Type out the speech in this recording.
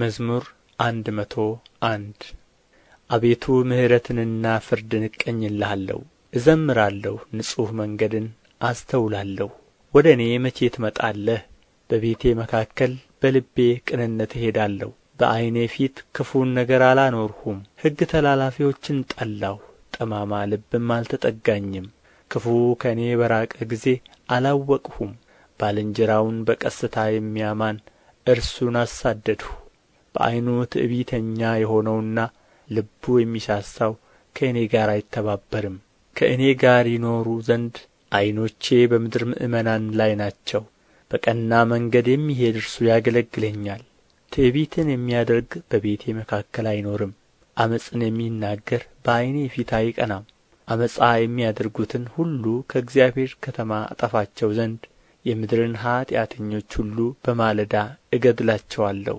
መዝሙር መቶ አንድ አቤቱ ምሕረትንና ፍርድን እቀኝልሃለሁ እዘምራለሁ ንጹሕ መንገድን አስተውላለሁ ወደ እኔ መቼ ትመጣለህ በቤቴ መካከል በልቤ ቅንነት እሄዳለሁ በዐይኔ ፊት ክፉን ነገር አላኖርሁም ሕግ ተላላፊዎችን ጠላሁ ጠማማ ልብም አልተጠጋኝም ክፉ ከእኔ በራቀ ጊዜ አላወቅሁም ባልንጀራውን በቀስታ የሚያማን እርሱን አሳደድሁ በዓይኑ ትዕቢተኛ የሆነውና ልቡ የሚሳሳው ከእኔ ጋር አይተባበርም ከእኔ ጋር ይኖሩ ዘንድ ዐይኖቼ በምድር ምእመናን ላይ ናቸው በቀና መንገድ የሚሄድ እርሱ ያገለግለኛል ትዕቢትን የሚያደርግ በቤቴ መካከል አይኖርም ዓመፅን የሚናገር በዐይኔ ፊት አይቀናም ዓመፃ የሚያደርጉትን ሁሉ ከእግዚአብሔር ከተማ አጠፋቸው ዘንድ የምድርን ኀጢአተኞች ሁሉ በማለዳ እገድላቸዋለሁ